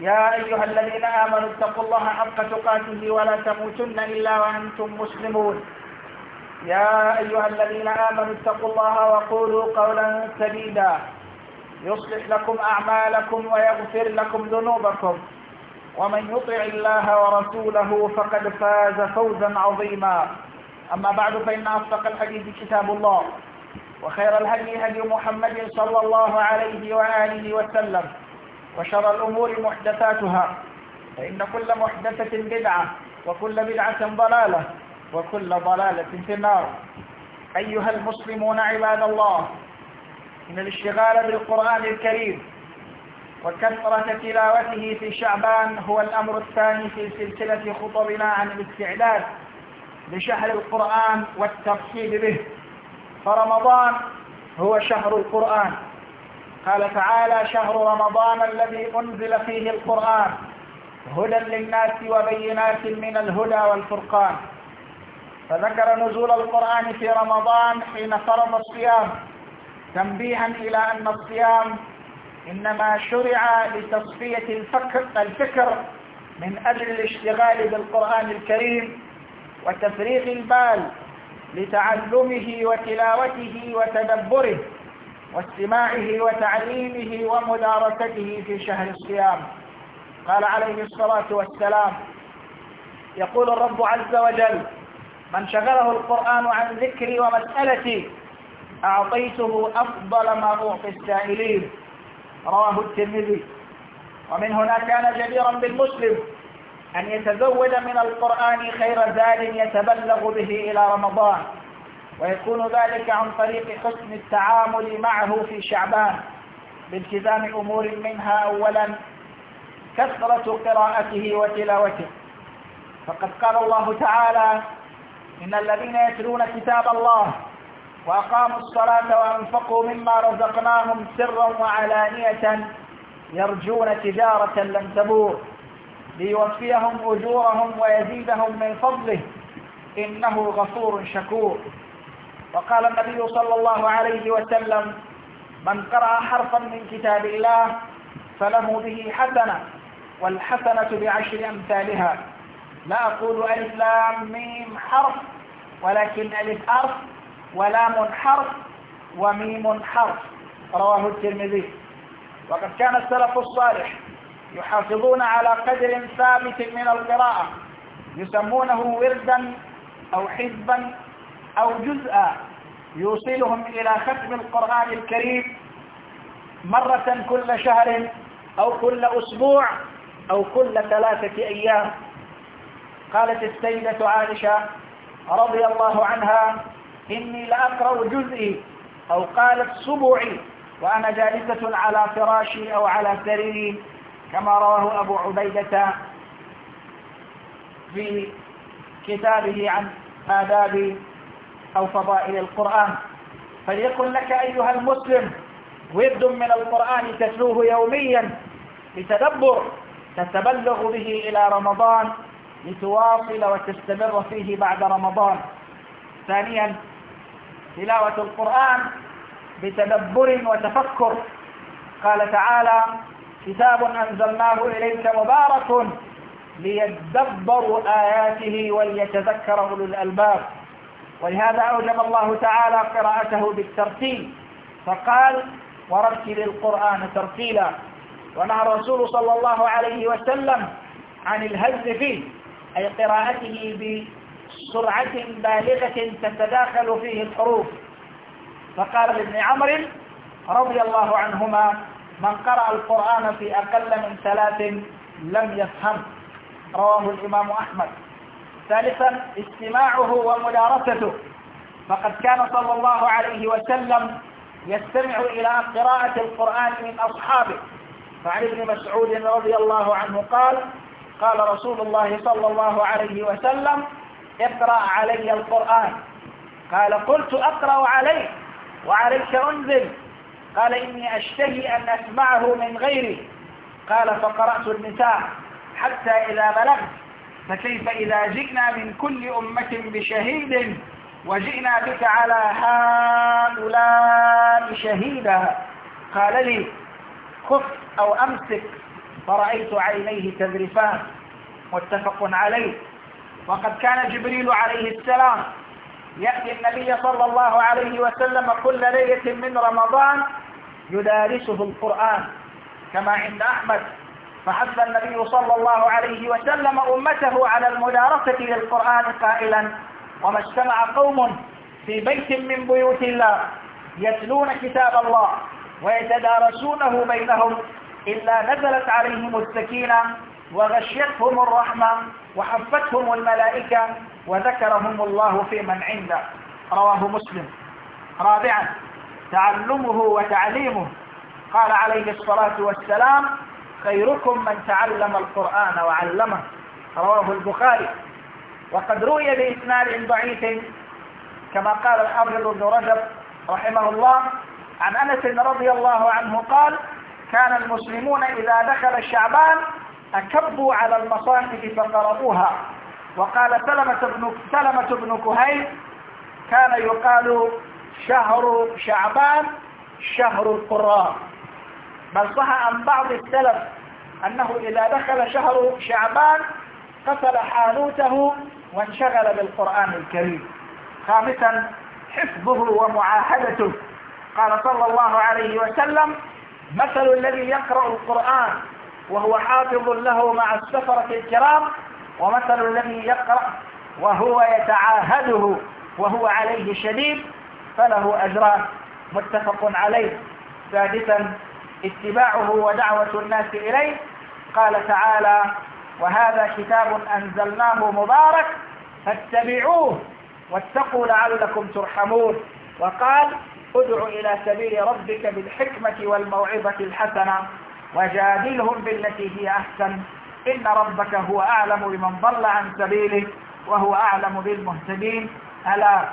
يا أيها الذين آمنوا اتقوا الله حق تقاته ولا تموتن إلا وأنتم مسلمون يا أيها الذين آمنوا اتقوا الله وقولوا قولا سديدا يصلح لكم أعمالكم ويغفر لكم ذنوبكم ومن يطع الله ورسوله فقد فاز فوزا عظيما أما بعد فإن أصدق الحديث كتاب الله وخير الهدي هدي محمد صلى الله عليه وآله وسلم وشر الأمور محدثاتها فإن كل محدثة بدعة وكل بدعة ضلالة وكل ضلالة في النار أيها المسلمون عباد الله إن الاشتغال بالقرآن الكريم وكثرة تلاوته في شعبان هو الأمر الثاني في سلسلة خطبنا عن الاستعداد لشهر القرآن والترحيب به فرمضان هو شهر القرآن قال تعالى شهر رمضان الذي أنزل فيه القرآن هدى للناس وبينات من الهدى والفرقان فذكر نزول القرآن في رمضان حين فرض الصيام تنبيها إلى أن الصيام إنما شرع لتصفية الفكر, الفكر من أجل الاشتغال بالقرآن الكريم وتفريغ البال لتعلمه وتلاوته وتدبره واستماعه وتعليمه ومدارسته في شهر الصيام قال عليه الصلاة والسلام يقول الرب عز وجل من شغله القرآن عن ذكري ومسألتي أعطيته أفضل ما أعطي السائلين رواه الترمذي ومن هنا كان جديرا بالمسلم أن يتزود من القرآن خير زاد يتبلغ به إلى رمضان ويكون ذلك عن طريق حسن التعامل معه في شعبان بالتزام أمور منها أولا كثرة قراءته وتلاوته فقد قال الله تعالى إن الذين يتلون كتاب الله وأقاموا الصلاة وأنفقوا مما رزقناهم سرا وعلانية يرجون تجارة لم تبور ليوفيهم أجورهم ويزيدهم من فضله إنه غفور شكور وقال النبي صلى الله عليه وسلم من قرأ حرفا من كتاب الله فله به حسنة والحسنة بعشر أمثالها لا أقول ألف لام ميم حرف ولكن ألف حرف ولام حرف وميم حرف رواه الترمذي وقد كان السلف الصالح يحافظون على قدر ثابت من القراءة يسمونه وردا أو حزبا أو جزءا يوصلهم إلى ختم القرآن الكريم مرة كل شهر أو كل أسبوع أو كل ثلاثة أيام قالت السيدة عائشة رضي الله عنها إني لأقرأ جزئي أو قالت صبعي وأنا جالسة على فراشي أو على سريري كما رواه أبو عبيدة في كتابه عن آداب أو فضائل القرآن فليكن لك أيها المسلم ورد من القرآن تتلوه يوميا لتدبر تتبلغ به إلى رمضان لتواصل وتستمر فيه بعد رمضان ثانيا تلاوة القرآن بتدبر وتفكر قال تعالى كتاب أنزلناه إليك مبارك ليدبروا آياته وليتذكر أولو الألباب ولهذا أوجب الله تعالى قراءته بالترتيل فقال ورتل القرآن ترتيلا ونهى الرسول صلى الله عليه وسلم عن الهز فيه أي قراءته بسرعة بالغة تتداخل فيه الحروف فقال لابن عمر رضي الله عنهما من قرأ القرآن في أقل من ثلاث لم يفهم رواه الإمام أحمد ثالثا استماعه ومدارسته فقد كان صلى الله عليه وسلم يستمع إلى قراءة القرآن من أصحابه فعن ابن مسعود رضي الله عنه قال قال رسول الله صلى الله عليه وسلم اقرأ علي القرآن قال قلت أقرأ عليك وعليك أنزل قال إني أشتهي أن أسمعه من غيري قال فقرأت النساء حتى إذا بلغت فكيف إذا جئنا من كل أمة بشهيد وجئنا بك على هؤلاء شهيدا قال لي خف أو أمسك فرأيت عينيه تذرفان متفق عليه وقد كان جبريل عليه السلام يأتي النبي صلى الله عليه وسلم كل ليلة من رمضان يدارسه القرآن كما عند أحمد فحث النبي صلى الله عليه وسلم أمته على المدارسة للقرآن قائلا وما اجتمع قوم في بيت من بيوت الله يتلون كتاب الله ويتدارسونه بينهم إلا نزلت عليهم السكينة وغشيتهم الرحمة وحفتهم الملائكة وذكرهم الله في من عنده رواه مسلم رابعا تعلمه وتعليمه قال عليه الصلاة والسلام خيركم من تعلم القرآن وعلمه رواه البخاري وقد روي بإثنان ضعيف كما قال الحافظ بن رجب رحمه الله عن أنس رضي الله عنه قال كان المسلمون إذا دخل شعبان أكبوا على المصاحف فقرأوها وقال سلمة بن, سلمة بن كهيل كان يقال شهر شعبان شهر القراء بل صح عن بعض السلف أنه إذا دخل شهر شعبان قفل حانوته وانشغل بالقرآن الكريم خامسا حفظه ومعاهدته قال صلى الله عليه وسلم مثل الذي يقرأ القرآن وهو حافظ له مع السفرة الكرام ومثل الذي يقرأ وهو يتعاهده وهو عليه شديد فله أجران متفق عليه سادسا اتباعه ودعوة الناس إليه قال تعالى وهذا كتاب أنزلناه مبارك فاتبعوه واتقوا لعلكم ترحمون وقال ادع إلى سبيل ربك بالحكمة والموعظة الحسنة وجادلهم بالتي هي أحسن إن ربك هو أعلم بمن ضل عن سبيله وهو أعلم بالمهتدين ألا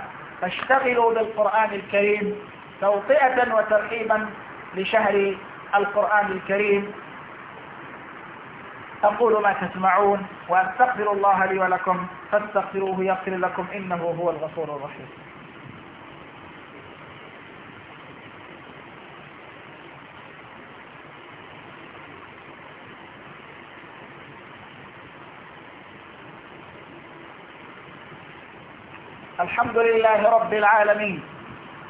فاشتغلوا بالقرآن الكريم توطئة وترحيبا لشهر القرآن الكريم أقول ما تسمعون وأستغفر الله لي ولكم فاستغفروه يغفر لكم إنه هو الغفور الرحيم الحمد لله رب العالمين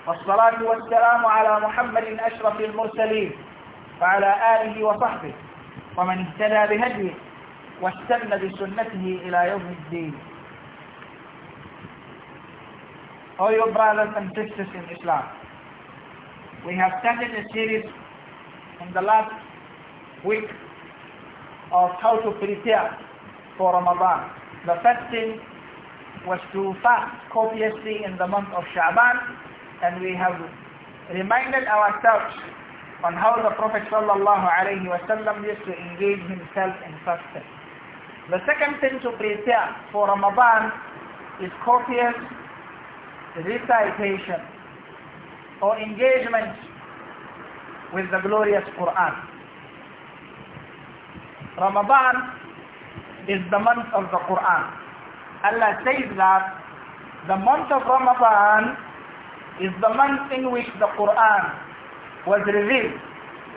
والصلاة والسلام على محمد أشرف المرسلين وعلى آله وصحبه ومن اهتدى بهديه واستنى بسنته إلى يوم الدين Oh, your brothers and sisters in Islam, we have started a series in the last week of how to prepare for Ramadan. The first thing was to fast copiously in the month of Sha'ban and we have reminded ourselves on how the Prophet sallallahu alayhi wasallam used to engage himself in fasting. The second thing to prepare for Ramadan is copious recitation or engagement with the glorious Quran. Ramadan is the month of the Quran. Allah says that the month of Ramadan is the month in which the Quran was revealed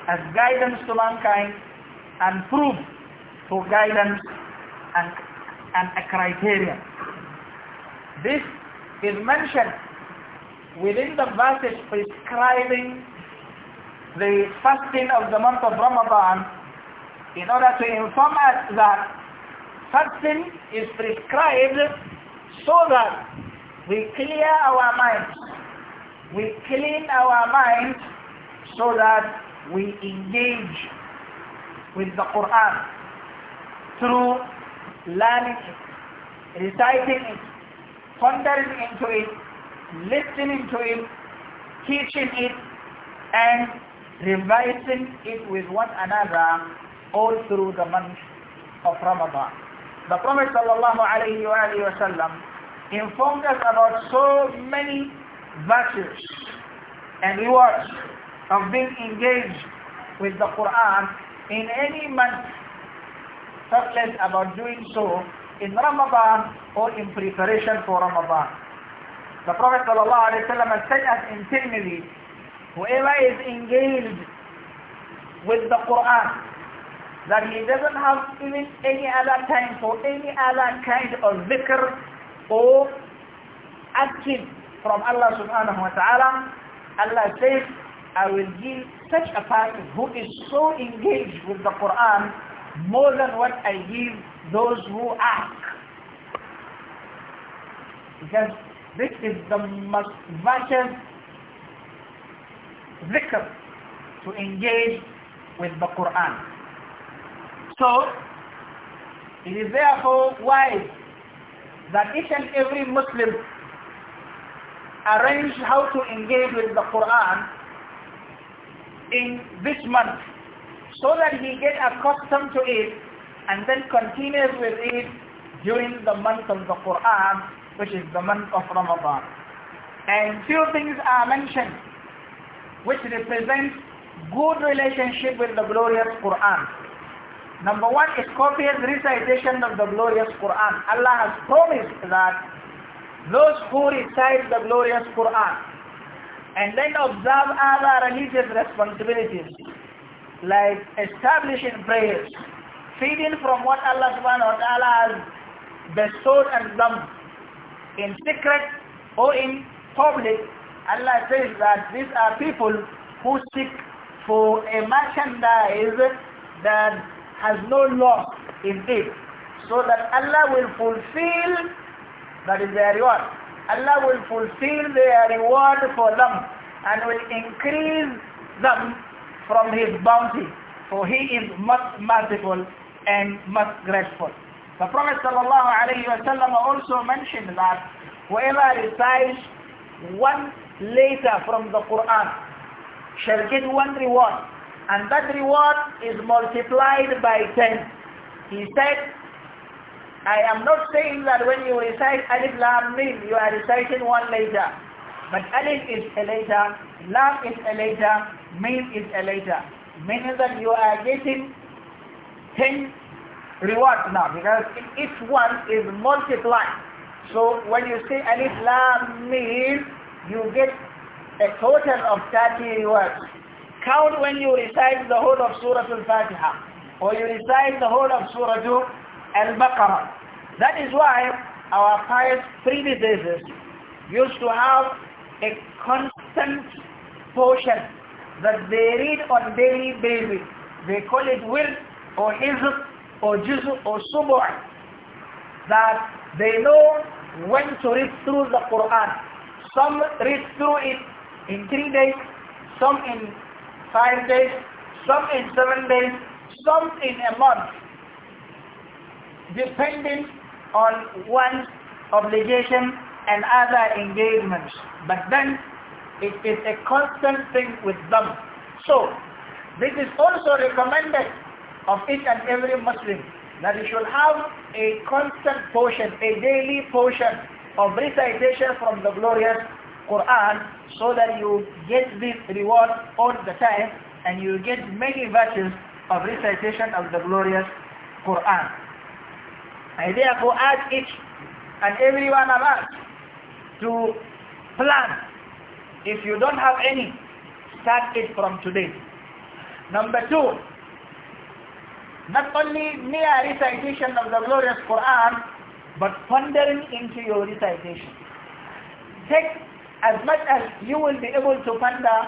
as guidance to mankind and proof for guidance and, and a criterion. This is mentioned within the verses prescribing the fasting of the month of Ramadan in order to inform us that fasting is prescribed so that we clear our minds, we clean our minds so that we engage with the Quran through learning it, reciting it, pondering into it, listening to it, teaching it, and revising it with one another all through the month of Ramadan. The Prophet ﷺ informed us about so many virtues and rewards of being engaged with the Quran in any month, talkless about doing so in Ramadan or in preparation for Ramadan. The Prophet ﷺ said us in Tirmidhi, whoever is engaged with the Quran, that he doesn't have even any other time for any other kind of zikr or active from Allah subhanahu wa ta'ala, Allah says, I will give such a person who is so engaged with the Quran more than what I give those who ask. Because this is the most vital dhikr to engage with the Quran. So, it is therefore wise that each and every Muslim arrange how to engage with the Quran in this month so that he gets accustomed to it and then continues with it during the month of the Quran which is the month of Ramadan. And few things are mentioned which represent good relationship with the glorious Quran. Number one is copious recitation of the glorious Quran. Allah has promised that those who recite the glorious Quran and then observe other religious responsibilities like establishing prayers, feeding from what Allah subhanahu wa ta'ala has bestowed and done in secret or in public. Allah says that these are people who seek for a merchandise that has no loss in it so that Allah will fulfill that is their reward. Allah will fulfill their reward for them and will increase them from His bounty. For He is much merciful and much grateful. The Prophet also mentioned that whoever recites one letter from the Quran shall get one reward and that reward is multiplied by ten. He said, I am not saying that when you recite Alif Lam Mim, you are reciting one letter. But Alif is a letter, Lam is a letter, Mim is a letter. Meaning that you are getting 10 rewards now because each one is multiplied. So when you say Alif Lam Mim, you get a total of 30 rewards. Count when you recite the whole of Surah Al-Fatiha or you recite the whole of Surah Al-Baqarah that is why our pious predecessors used to have a constant portion that they read on daily basis. They call it will or hizb or juzu or subu' that they know when to read through the Quran. Some read through it in three days, some in five days, some in seven days, some in a month, depending on one obligation and other engagements. But then it is a constant thing with them. So this is also recommended of each and every Muslim that he should have a constant portion, a daily portion of recitation from the glorious Quran so that you get this reward all the time and you get many virtues of recitation of the glorious Quran. I therefore urge each and every one of us to plan. If you don't have any, start it from today. Number two, not only mere recitation of the glorious Quran, but pondering into your recitation. Take as much as you will be able to ponder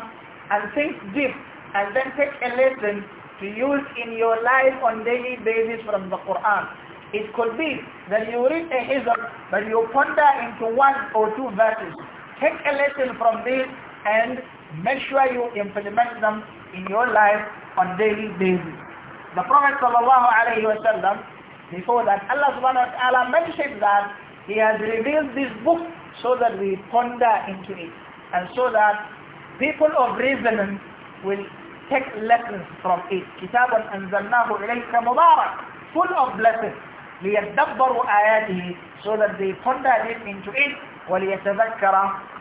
and think deep and then take a lesson to use in your life on daily basis from the Quran. It could be that you read a hizb, but you ponder into one or two verses. Take a lesson from this and make sure you implement them in your life on daily basis. The Prophet sallallahu before that, Allah subhanahu wa ta'ala mentioned that He has revealed this book so that we ponder into it and so that people of reason will take lessons from it. Kitabun anzalnahu ilayka mubarak, full of blessings. ليدبروا آياته so that they ponder deep into it وليتذكر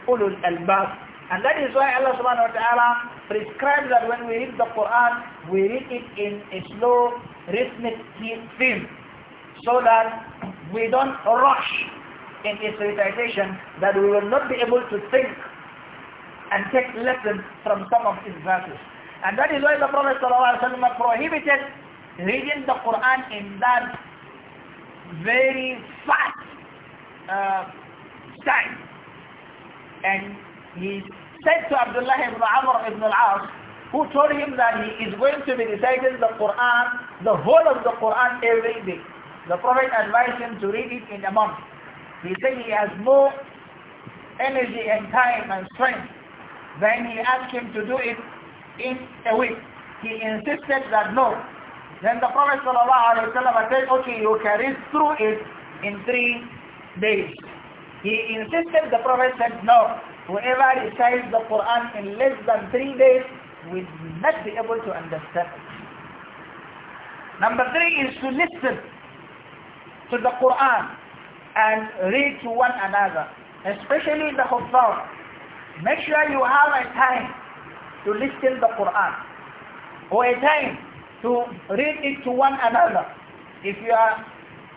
أولو الألباب and that is why Allah subhanahu wa ta'ala prescribes that when we read the Quran we read it in a slow rhythmic theme so that we don't rush in its recitation that we will not be able to think and take lessons from some of its verses. And that is why the Prophet prohibited reading the Quran in that very fast uh, And he said to Abdullah ibn Amr ibn al-As, who told him that he is going to be reciting the Quran, the whole of the Quran every day. The Prophet advised him to read it in a month. He said he has more energy and time and strength. Then he asked him to do it in a week. He insisted that no, then the Prophet said, okay, you carry through it in three days. He insisted, the Prophet said, no, whoever recites the Quran in less than three days will not be able to understand it. Number three is to listen to the Quran and read to one another, especially the Huffar. Make sure you have a time to listen to the Quran or a time to read it to one another. If you are,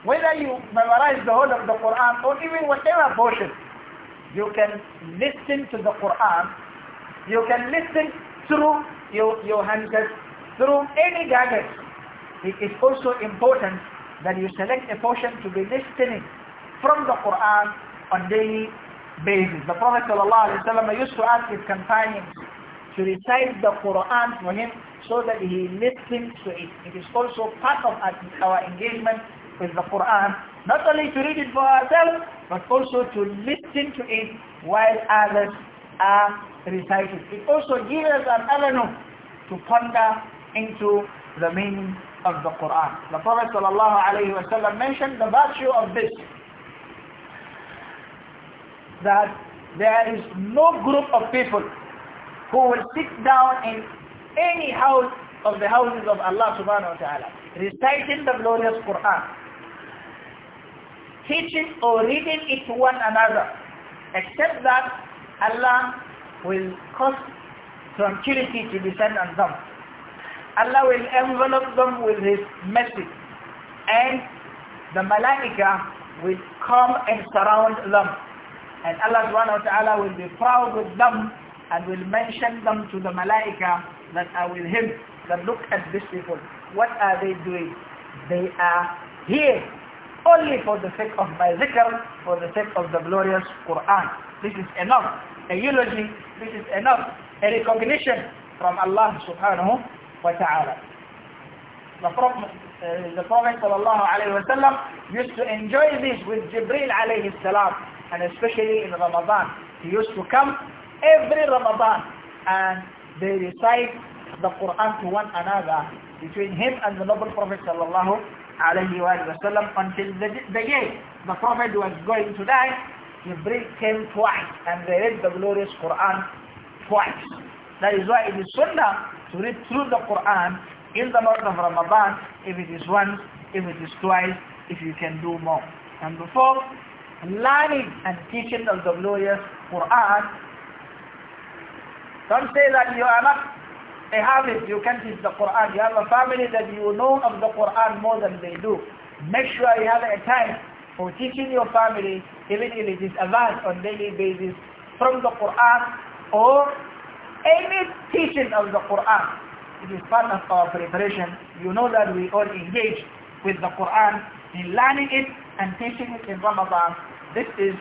whether you memorize the whole of the Quran or even whatever portion, you can listen to the Quran. You can listen through your, your handset, through any gadget. It is also important that you select a portion to be listening from the Quran on daily basis. The Prophet ﷺ used to ask his companions to recite the Quran for him so that he listens to it. It is also part of our engagement with the Quran, not only to read it for ourselves, but also to listen to it while others are reciting. It also gives us an avenue to ponder into the meaning of the Quran. The Prophet ﷺ mentioned the virtue of this, that there is no group of people who will sit down in any house of the houses of Allah subhanahu wa ta'ala, reciting the glorious Quran, teaching or reading it to one another, except that Allah will cause tranquility to descend on them. Allah will envelop them with His mercy and the Malaika will come and surround them. And Allah subhanahu wa ta'ala will be proud with them and will mention them to the Malaika that I will help. But look at these people. What are they doing? They are here only for the sake of my zikr, for the sake of the glorious Quran. This is enough. A eulogy, this is enough. A recognition from Allah subhanahu wa ta'ala. The Prophet, uh, the Prophet sallallahu alayhi wa sallam used to enjoy this with Jibril alayhi salam and especially in Ramadan. He used to come every Ramadan and they recite the Quran to one another between him and the noble Prophet sallallahu alayhi wa sallam until the, the day the Prophet was going to die, He Jibril him twice and they read the glorious Quran twice. That is why it is sunnah to read through the Quran in the month of Ramadan if it is once, if it is twice, if you can do more. And before learning and teaching of the glorious Quran some say that you are not a Hafiz, you can teach the Quran. You have a family that you know of the Quran more than they do. Make sure you have a time for teaching your family, even if it is a verse on daily basis from the Quran or any teaching of the Quran. It is part of our preparation. You know that we all engage with the Quran in learning it and teaching it in Ramadan. This is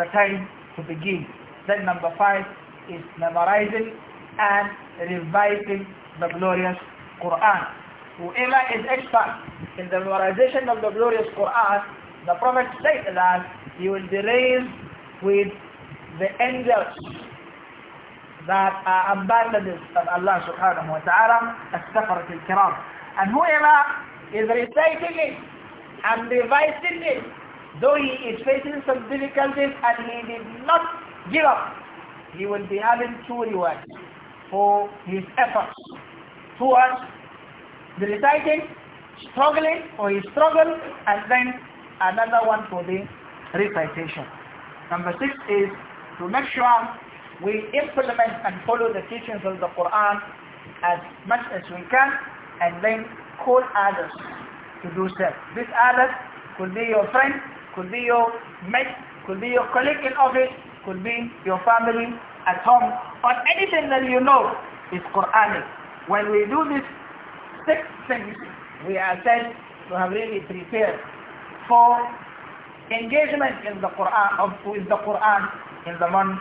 the time to begin. Then number five, is memorizing and revising the glorious Quran. Whoever is expert in the memorization of the glorious Quran, the Prophet said that he will be raised with the angels that are ambassadors of Allah subhanahu wa ta'ala, as-safarat al-kiram. And whoever is reciting it and revising it, though he is facing some difficulties and he did not give up he will be having two rewards for his efforts towards the reciting, struggling or his struggle, and then another one for the recitation. Number six is to make sure we implement and follow the teachings of the Quran as much as we can and then call others to do so. This others could be your friend, could be your mate, could be your colleague in office, could be your family, at home, or anything that you know is Quranic. When we do these six things, we are said to have really prepared for engagement in the Quran, of, with the Quran in the month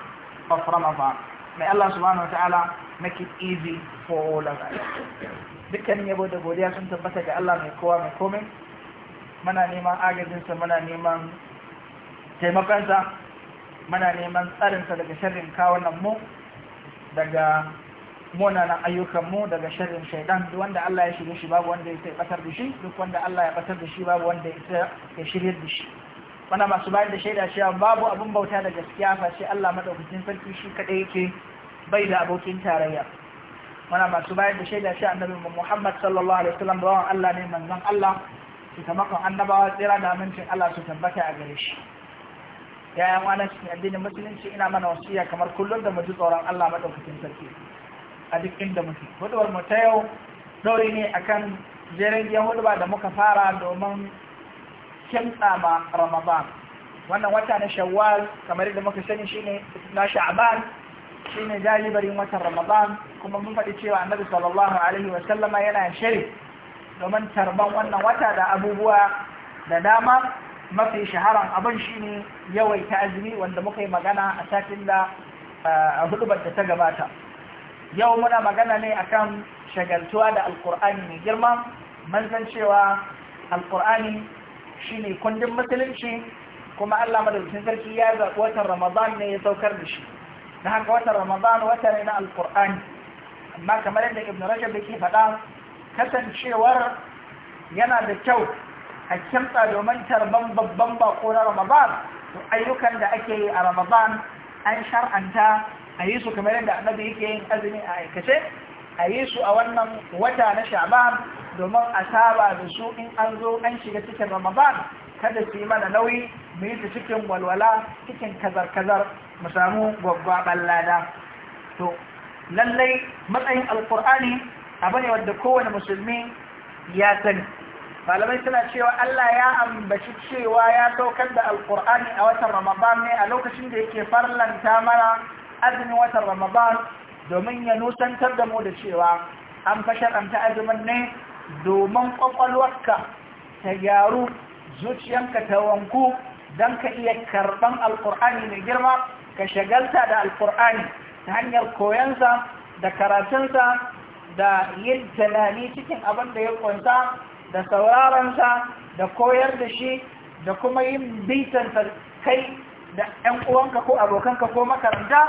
of Ramadan. May Allah subhanahu wa ta'ala make it easy for all of us. Dukkanin yabo da godiya sun tabbata ga Allah mai kowa mai komai. Muna neman agajinsa, muna neman taimakonsa, muna neman tsarinsa daga sharrin kawunan mu daga munanan ayyukanmu daga sharrin shaidan duk wanda Allah ya shirye shi babu wanda ya sai batar da shi duk wanda Allah ya batar da shi babu wanda ya shirye da shi wana masu bayar da shaida cewa babu abin bauta da gaskiya sai Allah madaukakin sarki shi kadai yake bai da abokin tarayya wana masu bayar da shaida cewa annabi Muhammad sallallahu alaihi wasallam bawan Allah ne manzon Allah shi kamakon annabawa tsira da amincin Allah su tabbata a gare shi ya yi amana cikin addinin musulunci ina mana wasiya kamar kullum da mu ji tsoron Allah madaukakin sarki a duk inda muke gudawar mu ta yau ɗauri ne akan jerin yahudu da muka fara domin kimtsa ma ramadan wannan wata na shawwal kamar yadda muka sani shine na sha'ban shine jalibarin watan ramadan kuma mun faɗi cewa annabi sallallahu alaihi wa sallama yana shari domin tarban wannan wata da abubuwa da dama mafi shaharan abin shine yawaita azumi wanda muka yi magana a satin da hudubar da ta gabata yau muna magana ne akan shagaltuwa da alkur'ani mai girma manzan cewa alkur'ani shine kundin musulunci kuma Allah madaukakin sarki ya zaɓi watan Ramadan ne ya saukar da shi da haka watan Ramadan wata ne na alkur'ani amma kamar yadda Ibn Rajab yake faɗa kasancewar yana da kyau a kimtsa domin tarban babban bako na ramadan to ayyukan da ake yi a ramadan an shar'anta a yi su kamar yadda annabi yake yin azumi a aikace a yi su a wannan wata na sha'ban domin a saba da su in an zo an shiga cikin ramadan kada su yi mana nauyi mu yi su cikin walwala cikin kazar-kazar mu samu gwaggwaɓar lada to lallai matsayin alkur'ani abu ne wadda kowane musulmi ya sani malamai suna cewa Allah ya ambaci cewa ya saukar da alkur'ani a watan ramadan ne a lokacin da yake farlanta mana azumin watan ramadan domin ya nusantar da mu da cewa an fasharanta azumin ne domin kwakwalwarka ta gyaru zuciyanka ta wanku don ka iya karɓan alkur'ani mai girma ka shagalta da alkur'ani ta hanyar koyonsa da karatunsa da yin tunani cikin abin da ya ƙunsa da sa da koyar da shi da kuma yin bitansa kai da ‘yan uwanka ko abokanka ko makaranta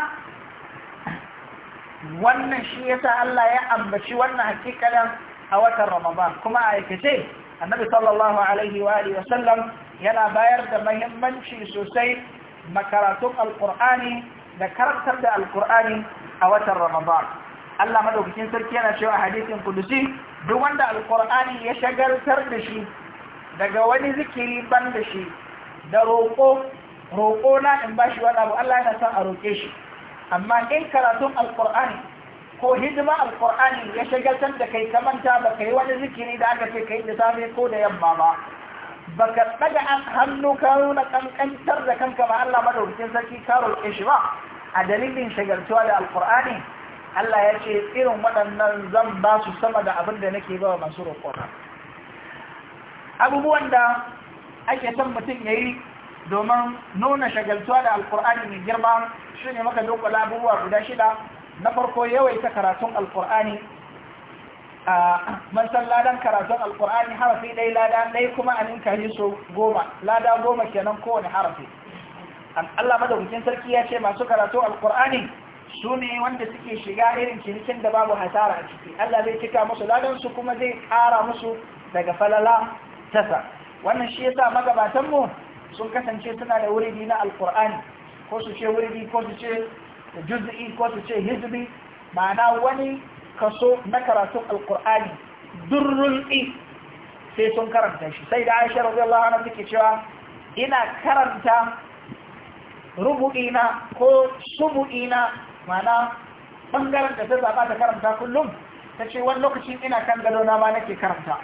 wannan shi yasa Allah ya ambaci wannan hakikalin a watan Ramadan kuma a aikace annabi sallallahu alaihi wa wa sallam yana bayar da muhimmanci sosai makaratun alqur'ani da karantar da alkur'ani a watan Ramadan Allah madaukakin sarki yana cewa hadisin kudusi duk wanda alkur'ani ya shagaltar da shi daga wani zikiri ban da shi da roƙo roƙo na in ba shi wani abu Allah yana son a roƙe shi amma in karatun alkur'ani ko hidima alkur'ani ya shagaltar da kai kamanta ba ka yi wani zikiri da aka ce ka yi da safe ko da yamma ba ba ka ɗaga hannu ka nuna ƙanƙantar da kanka ba Allah madaukakin sarki ka roƙe shi ba a dalilin shagaltuwa da alkur'ani Allah ya ce irin waɗannan zan ba su sama da abin da nake ba masu roƙona abubuwan da ake son mutum ya yi domin nuna shagaltuwa da alkur'ani mai girma shi ne maka dokola abubuwa guda shida na farko yawaita karatun alƙur'ani a san ladan karatun alkur'ani harafi ɗai lada ɗai kuma a ninka yi so goma lada goma kenan kowane harafi Allah madaukakin sarki ya ce masu karatun alkur'ani su ne wanda suke shiga irin cinikin da babu hasara a ciki Allah zai cika musu ladansu kuma zai kara musu daga falala tasa wannan shi yasa mu sun kasance suna da wuridi na alkur'ani ko su ce wuridi ko su ce juz'i ko su ce hizbi ma'ana wani kaso na karatun alkur'ani i sai sun karanta shi sai da aisha radiyallahu anha take cewa ina karanta rubu'ina ko subu'ina mana ɓangaren da ta zaɓa ta karanta kullum ta ce wani lokacin ina kan gadona ma nake karanta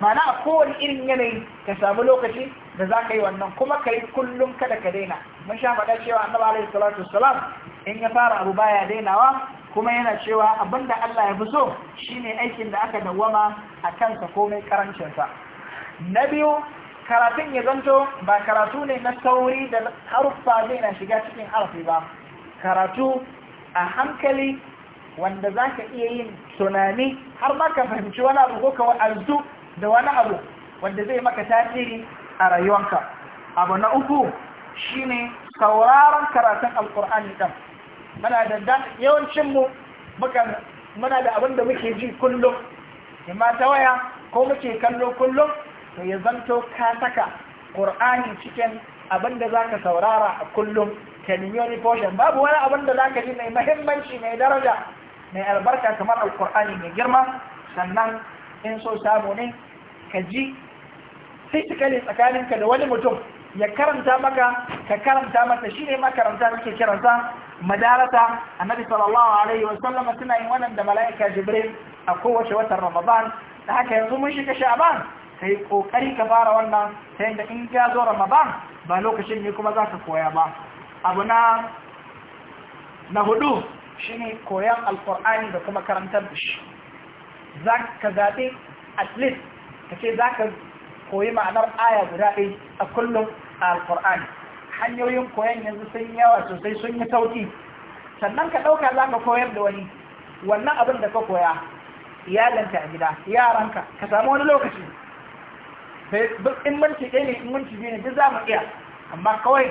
mana a kowane irin yanayi ka samu lokaci da za ka yi wannan kuma ka yi kullum kada ka daina mun sha faɗa cewa annabi alaihi salatu wassalam in ya fara abu baya dainawa kuma yana cewa da Allah ya fi so shine aikin da aka dawwama a kansa komai karancinsa na biyu karatun ya zanto ba karatu ne na sauri da haruffa zai na shiga cikin harfi ba karatu a hankali wanda za ka iya yin tunani har ma ka fahimci wani abu ko kawai arzu da wani abu wanda zai maka tasiri a rayuwanka abu na uku shine sauraron karatun alkur'ani ɗan muna da yawancinmu muna da abin da muke ji kullum imma ta waya ko muke kallo kullum to ya zanto ka saka ƙur'ani cikin abin da za ka saurara a kullum ka portion babu wani abun da za ka ji mai mahimmanci mai daraja mai albarka kamar alkur'ani mai girma sannan in so samu ne ka ji physically tsakaninka da wani mutum ya karanta maka ka karanta masa shi ne makaranta muke kiransa madarasa annabi sallallahu alaihi wa suna yin wannan da mala'ika jibril a kowace watan ramadan da haka yanzu mun shiga sha'ban kai kokari ka fara wannan Sai da in ka zo ramadan ba lokacin ne kuma za ka koya ba abu na na hudu shi ne koyan alkur'ani da kuma karantar da shi za ka zaɓi at least ka ce za ka koyi ma'anar aya guda ɗaya a kullum a alkur'ani hanyoyin koyan yanzu sun yawa sosai sun yi sauki sannan ka ɗauka za ka koyar da wani wannan abin da ka koya iyalinka a gida yaranka ka samu wani lokaci sai in minti ɗaya ne in minti biyu ne duk za mu iya amma kawai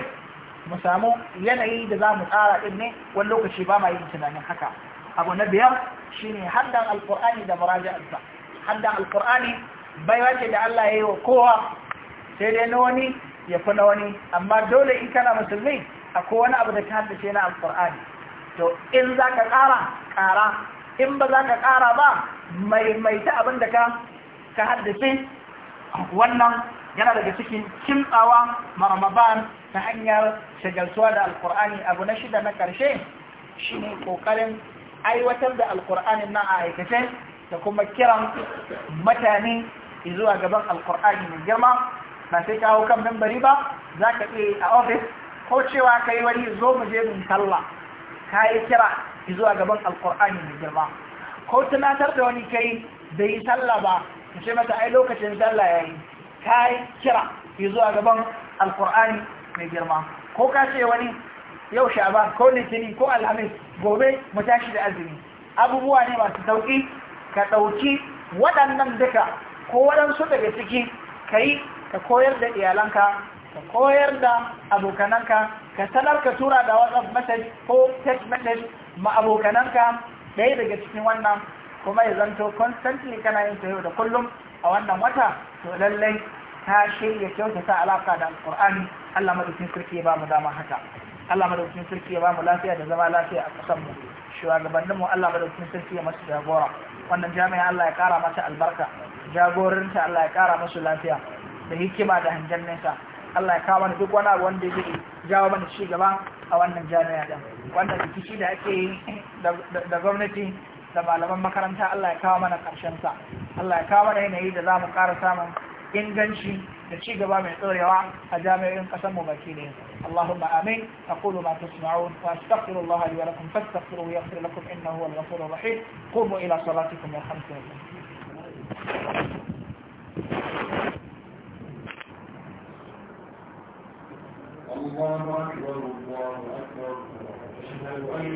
mu samu yanayi da za mu tsara ɗin ne wani lokaci ba ma yin tunanin haka abu na biyar shine handan alƙur'ani da muraja'arsa haddan alƙur'ani bai wace da Allah ya yi wa kowa sai dai na wani ya fi na wani amma dole in kana musulmi akwai wani abu da ta haddace na alƙur'ani to in za ka ƙara ƙara in ba za ka ƙara ba maimaita abin da ka haddace wannan yana daga cikin kimtsawa ma Ramadan ta hanyar shagaltuwa da Alkur'ani abu na shida na karshe shine kokarin aiwatar da Alkur'ani na a aikace da kuma kiran mutane zuwa gaban Alkur'ani mai girma ba sai kawo kan membari ba za ka iya a ofis ko cewa ka yi wani zo mu je mun talla ka yi kira zuwa gaban alkur'ani mai girma ko tunatar da wani kai bai yi talla ba ka ce mata ai lokacin sallah yayi kai kira zuwa gaban alqur'ani mai girma ko ka ce wani yau shaba ko litini ko alhamis gobe mu tashi da azumi abubuwa ne masu sauki ka dauki waɗannan duka ko waɗansu daga ciki kai ka koyar da iyalanka ka koyar da abokananka ka sanar ka tura da whatsapp message ko text message ma abokananka ɗaya daga cikin wannan kuma ya zanto constantly kana yin ta yau da kullum a wannan wata to lallai ta shirya kyautata alaka da alkur'ani Allah madaukin sarki ya ba mu dama haka Allah madaukin sarki ya ba mu lafiya da zama lafiya a kasan mu shugabanninmu Allah madaukin sarki ya masu jagora wannan jami'a Allah ya kara masa albarka jagorinta Allah ya kara masa lafiya da hikima da hangen nesa Allah ya kawo mana duk wani abu wanda zai jawo mana ci gaba a wannan jami'a din wannan rikici da ake yi da gwamnati da malaman makaranta Allah ya kawo mana sa Allah ya kawo mana yanayi da zamu mu ƙara samun inganci da ci gaba mai tsorewa a jami'in ƙasar mu baki ne Allahumma amin aqulu ma tasma'un wa astaghfirullaha li wa lakum fastaghfiruhu yaghfir lakum innahu huwal ghafurur rahim qumu ila salatikum yarhamkum الله أكبر الله أكبر أشهد أن